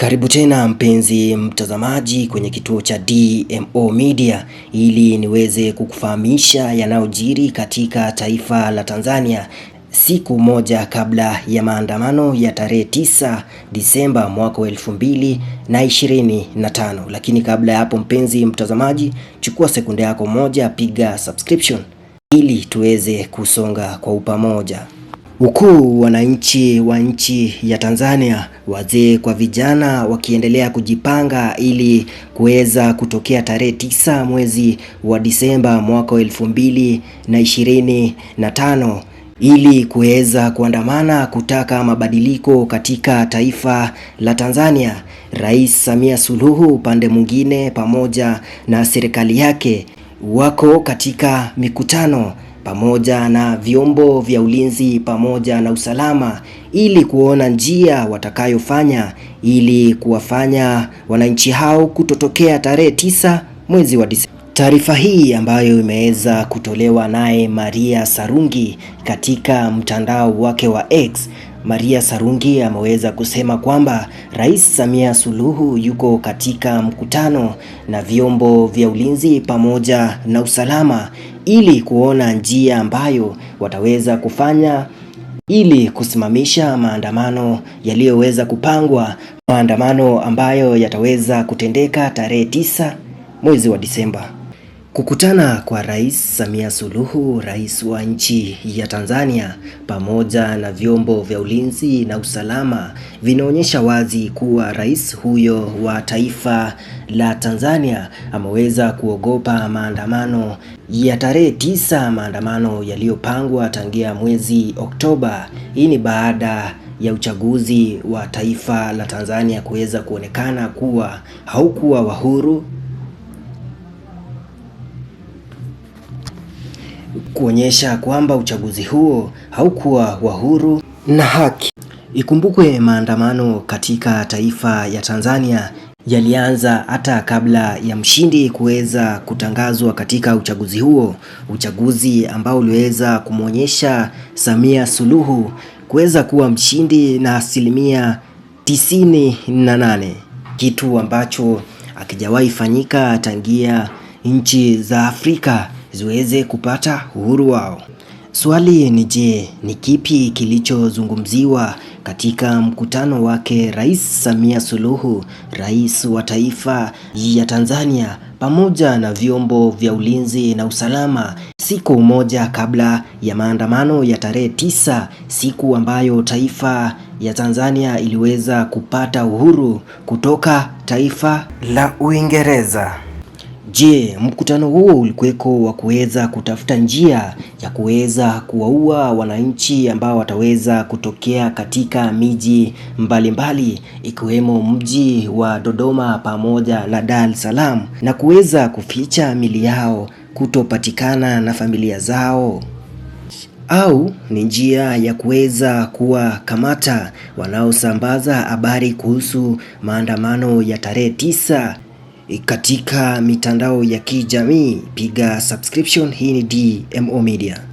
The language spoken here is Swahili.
Karibu tena mpenzi mtazamaji kwenye kituo cha DMO Media ili niweze kukufahamisha yanayojiri katika taifa la Tanzania siku moja kabla ya maandamano ya tarehe 9 Disemba mwaka wa tano. Lakini kabla ya hapo, mpenzi mtazamaji, chukua sekunde yako moja, piga subscription ili tuweze kusonga kwa upamoja ukuu wananchi wa nchi ya Tanzania, wazee kwa vijana, wakiendelea kujipanga ili kuweza kutokea tarehe tisa mwezi wa Disemba mwaka wa elfu mbili na ishirini na tano ili kuweza kuandamana kutaka mabadiliko katika taifa la Tanzania. Rais Samia Suluhu upande mwingine, pamoja na serikali yake, wako katika mikutano pamoja na vyombo vya ulinzi pamoja na usalama ili kuona njia watakayofanya ili kuwafanya wananchi hao kutotokea tarehe tisa mwezi wa Disemba. Taarifa hii ambayo imeweza kutolewa naye Maria Sarungi katika mtandao wake wa X Maria Sarungi ameweza kusema kwamba Rais Samia Suluhu yuko katika mkutano na vyombo vya ulinzi pamoja na usalama ili kuona njia ambayo wataweza kufanya ili kusimamisha maandamano yaliyoweza kupangwa, maandamano ambayo yataweza kutendeka tarehe tisa mwezi wa Disemba. Kukutana kwa Rais Samia Suluhu, rais wa nchi ya Tanzania, pamoja na vyombo vya ulinzi na usalama vinaonyesha wazi kuwa rais huyo wa taifa la Tanzania ameweza kuogopa maandamano ya tarehe tisa, maandamano yaliyopangwa tangia mwezi Oktoba. Hii ni baada ya uchaguzi wa taifa la Tanzania kuweza kuonekana kuwa haukuwa wa huru kuonyesha kwamba uchaguzi huo haukuwa wa huru na haki. Ikumbukwe maandamano katika taifa ya Tanzania yalianza hata kabla ya mshindi kuweza kutangazwa katika uchaguzi huo, uchaguzi ambao uliweza kumwonyesha Samia Suluhu kuweza kuwa mshindi na asilimia tisini na nane, kitu ambacho akijawahi fanyika tangia nchi za Afrika ziweze kupata uhuru wao. Swali ni je, ni kipi kilichozungumziwa katika mkutano wake Rais Samia Suluhu, rais wa taifa ya Tanzania pamoja na vyombo vya ulinzi na usalama siku moja kabla ya maandamano ya tarehe tisa, siku ambayo taifa ya Tanzania iliweza kupata uhuru kutoka taifa la Uingereza. Je, mkutano huo ulikuweko wa kuweza kutafuta njia ya kuweza kuwaua wananchi ambao wataweza kutokea katika miji mbalimbali ikiwemo mji wa Dodoma pamoja na Dar es Salaam na kuweza kuficha mili yao kutopatikana na familia zao au ni njia ya kuweza kuwakamata wanaosambaza habari kuhusu maandamano ya tarehe tisa Eh, katika mitandao ya kijamii, piga subscription. Hii ni DMO Media.